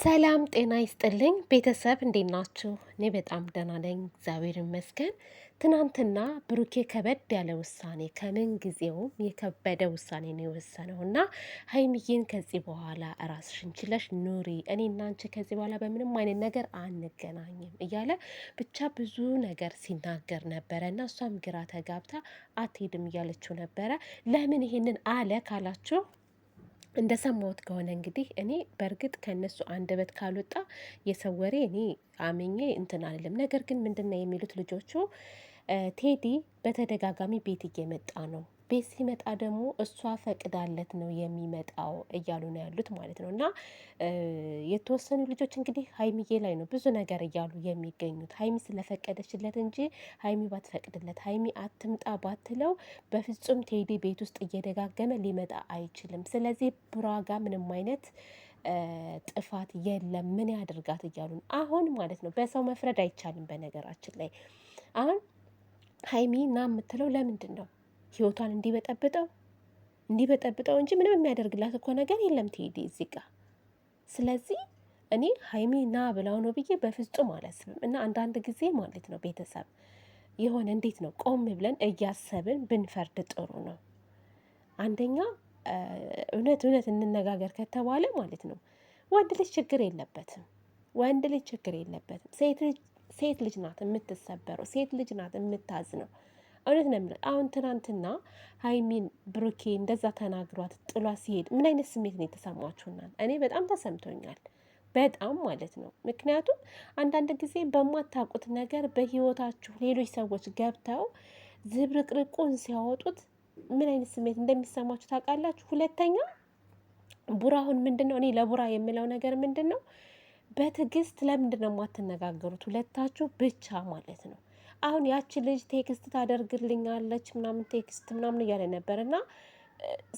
ሰላም ጤና ይስጥልኝ ቤተሰብ እንዴት ናችሁ? እኔ በጣም ደህና ነኝ፣ እግዚአብሔር ይመስገን። ትናንትና ብሩኬ ከበድ ያለ ውሳኔ ከምን ጊዜውም የከበደ ውሳኔ ነው የወሰነው እና ሀይሚዬን ከዚህ በኋላ ራስሽን ችለሽ ኑሪ፣ እኔ እና አንቺ ከዚህ በኋላ በምንም አይነት ነገር አንገናኝም እያለ ብቻ ብዙ ነገር ሲናገር ነበረ እና እሷም ግራ ተጋብታ አትሄድም እያለችው ነበረ። ለምን ይሄንን አለ ካላችሁ እንደሰማሁት ከሆነ እንግዲህ እኔ በእርግጥ ከእነሱ አንደበት ካልወጣ የሰው ወሬ እኔ አምኜ እንትን አልልም። ነገር ግን ምንድነው የሚሉት ልጆቹ ቴዲ በተደጋጋሚ ቤት እየመጣ ነው ቤት ሲመጣ ደግሞ እሷ ፈቅዳለት ነው የሚመጣው እያሉ ነው ያሉት ማለት ነው። እና የተወሰኑ ልጆች እንግዲህ ሀይሚዬ ላይ ነው ብዙ ነገር እያሉ የሚገኙት ሀይሚ ስለፈቀደችለት እንጂ ሀይሚ ባትፈቅድለት፣ ሀይሚ አትምጣ ባትለው በፍጹም ቴዲ ቤት ውስጥ እየደጋገመ ሊመጣ አይችልም። ስለዚህ ብራጋ ምንም አይነት ጥፋት የለም። ምን ያደርጋት እያሉ አሁን ማለት ነው። በሰው መፍረድ አይቻልም። በነገራችን ላይ አሁን ሀይሚ ና የምትለው ለምንድን ነው? ህይወቷን እንዲበጠብጠው እንዲበጠብጠው እንጂ ምንም የሚያደርግላት እኮ ነገር የለም ትሄድ እዚህ ጋ። ስለዚህ እኔ ሀይሚ ና ብላው ነው ብዬ በፍጹም አላስብም። እና አንዳንድ ጊዜ ማለት ነው ቤተሰብ የሆነ እንዴት ነው ቆም ብለን እያሰብን ብንፈርድ ጥሩ ነው። አንደኛ እውነት እውነት እንነጋገር ከተባለ ማለት ነው ወንድ ልጅ ችግር የለበትም። ወንድ ልጅ ችግር የለበትም። ሴት ልጅ ናት የምትሰበረው። ሴት ልጅ ናት የምታዝነው። እውነት ነው የምለው። አሁን ትናንትና ሀይሚን ብሩኬ እንደዛ ተናግሯት ጥሏ ሲሄድ ምን አይነት ስሜት ነው የተሰማችሁና? እኔ በጣም ተሰምቶኛል፣ በጣም ማለት ነው። ምክንያቱም አንዳንድ ጊዜ በማታውቁት ነገር በህይወታችሁ ሌሎች ሰዎች ገብተው ዝብርቅርቁን ሲያወጡት ምን አይነት ስሜት እንደሚሰማችሁ ታውቃላችሁ። ሁለተኛ ቡራ አሁን ምንድን ነው እኔ ለቡራ የምለው ነገር ምንድን ነው፣ በትዕግስት ለምንድን ነው የማትነጋገሩት ሁለታችሁ ብቻ ማለት ነው አሁን ያቺ ልጅ ቴክስት ታደርግልኛለች ምናምን ቴክስት ምናምን እያለ ነበር እና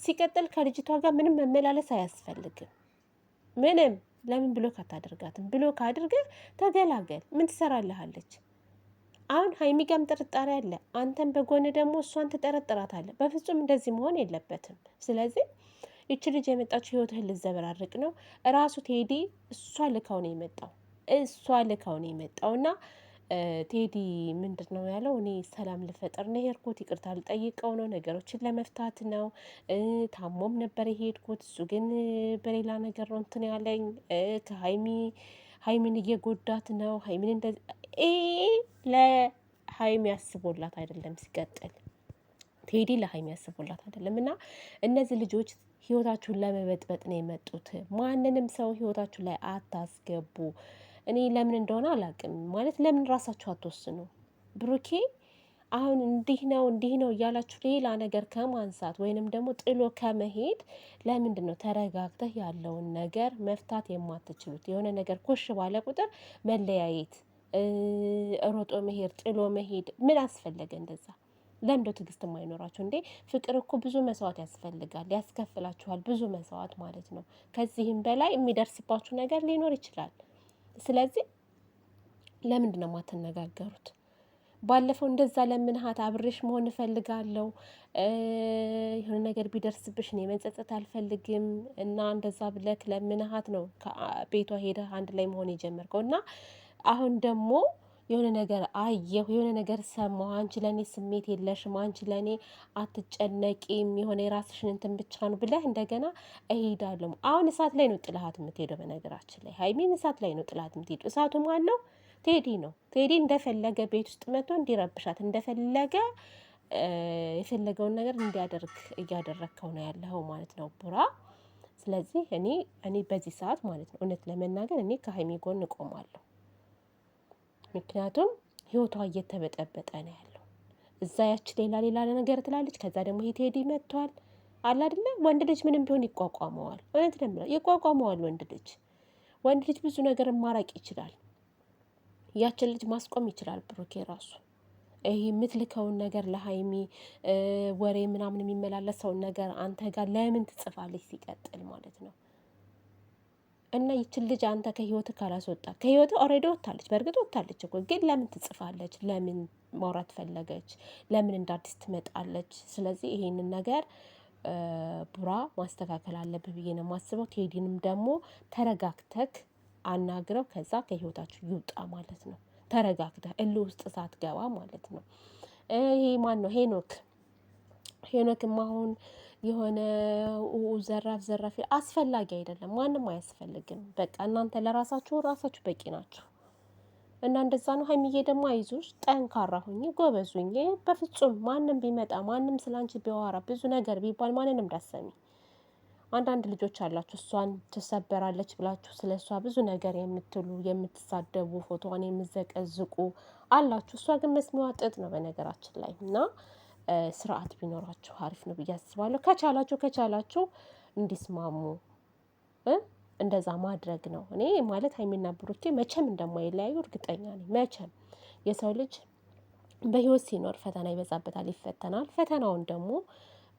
ሲቀጥል ከልጅቷ ጋር ምንም መመላለስ አያስፈልግም። ምንም ለምን ብሎክ አታደርጋትም? ብሎክ አድርገህ ተገላገል። ምን ትሰራልሃለች? አሁን ሀይሚጋም ጥርጣሬ አለ። አንተን በጎን ደግሞ እሷን ትጠረጥራታለህ። በፍጹም እንደዚህ መሆን የለበትም። ስለዚህ ይቺ ልጅ የመጣችው ህይወትህን ልዘበራርቅ ነው። እራሱ ቴዲ እሷ ልካው ነው የመጣው እሷ ልካው ነው የመጣው እና ቴዲ ምንድነው ያለው? እኔ ሰላም ልፈጥር ነው የሄድኩት ይቅርታ ልጠይቀው ነው ነገሮችን ለመፍታት ነው። ታሞም ነበር የሄድኩት እሱ ግን በሌላ ነገር ነው እንትን ያለኝ ከሀይሚ ሀይሚን እየጎዳት ነው ሀይሚን እንደ ለሀይሚ ያስቦላት አይደለም። ሲቀጥል ቴዲ ለሀይሚ ያስቦላት አይደለም። እና እነዚህ ልጆች ህይወታችሁን ለመበጥበጥ ነው የመጡት። ማንንም ሰው ህይወታችሁ ላይ አታስገቡ። እኔ ለምን እንደሆነ አላውቅም። ማለት ለምን ራሳችሁ አትወስኑ? ብሩኬ አሁን እንዲህ ነው እንዲህ ነው እያላችሁ ሌላ ነገር ከማንሳት ወይንም ደግሞ ጥሎ ከመሄድ ለምንድን ነው ተረጋግተህ ያለውን ነገር መፍታት የማትችሉት? የሆነ ነገር ኮሽ ባለ ቁጥር መለያየት፣ ሮጦ መሄድ፣ ጥሎ መሄድ ምን አስፈለገ? እንደዛ ለምንድነው ትዕግስት የማይኖራችሁ እንዴ? ፍቅር እኮ ብዙ መስዋዕት ያስፈልጋል፣ ያስከፍላችኋል፣ ብዙ መስዋዕት ማለት ነው። ከዚህም በላይ የሚደርስባችሁ ነገር ሊኖር ይችላል። ስለዚህ ለምንድን ነው የማትነጋገሩት? ባለፈው እንደዛ ለምንሃት አብሬሽ መሆን እፈልጋለሁ የሆነ ነገር ቢደርስብሽ እኔ መንጸጸት አልፈልግም እና እንደዛ ብለክ ለምንሃት ነው ከቤቷ ሄደህ አንድ ላይ መሆን የጀመርከው እና አሁን ደግሞ የሆነ ነገር አየሁ፣ የሆነ ነገር ሰማሁ፣ አንቺ ለእኔ ስሜት የለሽም፣ አንቺ ለእኔ አትጨነቂም፣ የሆነ የራስሽን እንትን ብቻ ነው ብለህ እንደገና እሄዳለሁ። አሁን እሳት ላይ ነው ጥልሃት የምትሄደው። በነገራችን ላይ ሀይሚን እሳት ላይ ነው ጥልሃት የምትሄዱ። እሳቱ ማን ነው? ቴዲ ነው። ቴዲ እንደፈለገ ቤት ውስጥ መጥቶ እንዲረብሻት እንደፈለገ የፈለገውን ነገር እንዲያደርግ እያደረግከው ነው ያለኸው ማለት ነው ቡራ። ስለዚህ እኔ እኔ በዚህ ሰዓት ማለት ነው እውነት ለመናገር እኔ ከሀይሚ ጎን እቆማለሁ። ምክንያቱም ህይወቷ እየተበጠበጠ ነው ያለው። እዛ ያች ሌላ ሌላ ነገር ትላለች። ከዛ ደግሞ ይሄ ቴዲ መጥቷል አለ አይደለ? ወንድ ልጅ ምንም ቢሆን ይቋቋመዋል። እውነት ነው ይቋቋመዋል። ወንድ ልጅ ወንድ ልጅ ብዙ ነገር ማራቅ ይችላል። ያችን ልጅ ማስቆም ይችላል። ብሩኬ ራሱ ይህ የምትልከውን ነገር ለሀይሚ ወሬ ምናምን የሚመላለሰውን ነገር አንተ ጋር ለምን ትጽፋለች? ሲቀጥል ማለት ነው እና ይችን ልጅ አንተ ከህይወት ካላስወጣ ከህይወት ኦልሬዲ ወታለች። በእርግጥ ወታለች እኮ ግን ለምን ትጽፋለች? ለምን ማውራት ፈለገች? ለምን እንደ አዲስ ትመጣለች? ስለዚህ ይሄንን ነገር ቡራ ማስተካከል አለብህ ብዬ ነው የማስበው። ቴዲንም ደግሞ ተረጋግተክ አናግረው ከዛ ከህይወታችሁ ይውጣ ማለት ነው። ተረጋግተህ እልህ ውስጥ ሳትገባ ማለት ነው። ይሄ ማን ነው ሄኖክ ሄኖክም አሁን የሆነ ዘራፍ ዘራፊ አስፈላጊ አይደለም። ማንም አያስፈልግም። በቃ እናንተ ለራሳችሁ ራሳችሁ በቂ ናችሁ እና እንደዛ ነው። ሀይሚዬ ደግሞ አይዞሽ፣ ጠንካራ ሁኝ፣ ጎበዙኝ። በፍጹም ማንም ቢመጣ ማንም ስላንቺ ቢያወራ ብዙ ነገር ቢባል ማንንም እንዳሰሚ አንዳንድ ልጆች አላችሁ እሷን ትሰበራለች ብላችሁ ስለ እሷ ብዙ ነገር የምትሉ የምትሳደቡ፣ ፎቶዋን የምዘቀዝቁ አላችሁ። እሷ ግን መስሚዋ ጥጥ ነው በነገራችን ላይ እና ስርዓት ቢኖራችሁ አሪፍ ነው ብዬ አስባለሁ። ከቻላችሁ ከቻላችሁ እንዲስማሙ እንደዛ ማድረግ ነው። እኔ ማለት ሀይሚና ብሩኬ መቼም እንደማይለያዩ እርግጠኛ ነኝ። መቼም የሰው ልጅ በህይወት ሲኖር ፈተና ይበዛበታል፣ ይፈተናል። ፈተናውን ደግሞ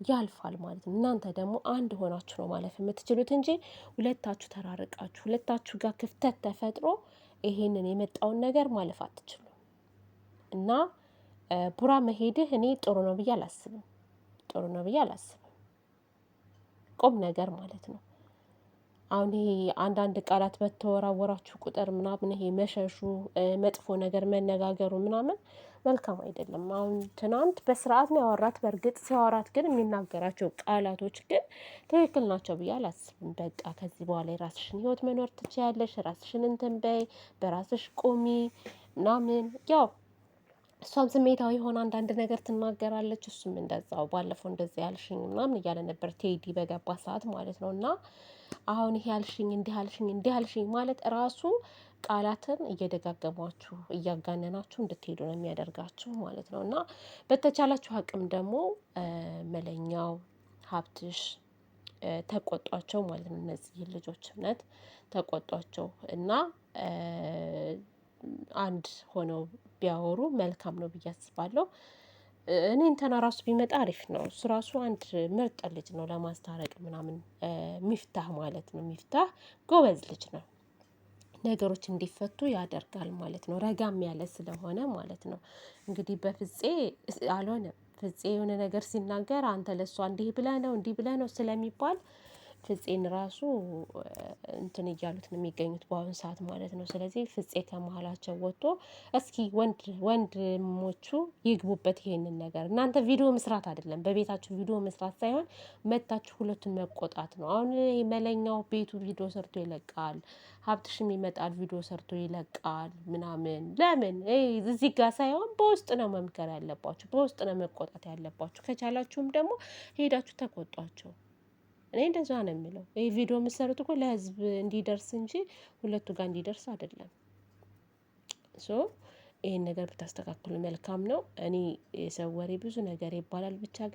ያልፋል ማለት ነው። እናንተ ደግሞ አንድ ሆናችሁ ነው ማለፍ የምትችሉት እንጂ ሁለታችሁ ተራርቃችሁ ሁለታችሁ ጋር ክፍተት ተፈጥሮ ይሄንን የመጣውን ነገር ማለፍ አትችሉም እና ቡራ መሄድህ እኔ ጥሩ ነው ብዬ አላስብም። ጥሩ ነው ብዬ አላስብም። ቁም ነገር ማለት ነው። አሁን ይሄ አንዳንድ ቃላት በተወራወራችሁ ቁጥር ምናምን ይሄ መሸሹ መጥፎ ነገር መነጋገሩ ምናምን መልካም አይደለም። አሁን ትናንት በስርዓት ነው ያወራት። በእርግጥ ሲያወራት ግን የሚናገራቸው ቃላቶች ግን ትክክል ናቸው ብዬ አላስብም። በቃ ከዚህ በኋላ የራስሽን ህይወት መኖር ትችያለሽ፣ ራስሽን እንትን በይ፣ በራስሽ ቁሚ ምናምን ያው እሷም ስሜታዊ ሆና አንዳንድ ነገር ትናገራለች። እሱም እንደዛው ባለፈው እንደዚህ ያልሽኝ ምናምን እያለ ነበር ቴዲ በገባ ሰዓት ማለት ነው። እና አሁን ይሄ ያልሽኝ እንዲህ ያልሽኝ እንዲህ ያልሽኝ ማለት ራሱ ቃላትን እየደጋገሟችሁ እያጋነናችሁ እንድትሄዱ ነው የሚያደርጋችሁ ማለት ነው። እና በተቻላችሁ አቅም ደግሞ መለኛው ሀብትሽ ተቆጧቸው ማለት ነው። እነዚህ ልጆች እምነት ተቆጧቸው እና አንድ ሆነው ቢያወሩ መልካም ነው ብዬ አስባለሁ። እኔ እንተና ራሱ ቢመጣ አሪፍ ነው እሱ ራሱ አንድ ምርጥ ልጅ ነው ለማስታረቅ ምናምን ሚፍታህ ማለት ነው ሚፍታህ ጎበዝ ልጅ ነው። ነገሮች እንዲፈቱ ያደርጋል ማለት ነው ረጋም ያለ ስለሆነ ማለት ነው። እንግዲህ በፍፄ አልሆነም ፍፄ የሆነ ነገር ሲናገር አንተ ለሷ እንዲህ ብለህ ነው እንዲህ ብለህ ነው ስለሚባል ፍፄን ራሱ እንትን እያሉት ነው የሚገኙት በአሁኑ ሰዓት ማለት ነው። ስለዚህ ፍፄ ከመሃላቸው ወጥቶ እስኪ ወንድ ወንድሞቹ ይግቡበት ይሄንን ነገር እናንተ ቪዲዮ መስራት አይደለም በቤታችሁ ቪዲዮ መስራት ሳይሆን መታችሁ ሁለቱን መቆጣት ነው። አሁን መለኛው ቤቱ ቪዲዮ ሰርቶ ይለቃል ሀብትሽም ይመጣል ቪዲዮ ሰርቶ ይለቃል ምናምን ለምን እዚህ ጋር ሳይሆን በውስጥ ነው መምከር ያለባችሁ በውስጥ ነው መቆጣት ያለባችሁ። ከቻላችሁም ደግሞ ሄዳችሁ ተቆጧቸው እኔ እንደዛ ነው የሚለው። ይህ ቪዲዮ የምሰሩት እኮ ለህዝብ እንዲደርስ እንጂ ሁለቱ ጋር እንዲደርስ አይደለም። ሶ ይህን ነገር ብታስተካክሉ መልካም ነው። እኔ የሰው ወሬ ብዙ ነገር ይባላል ብቻ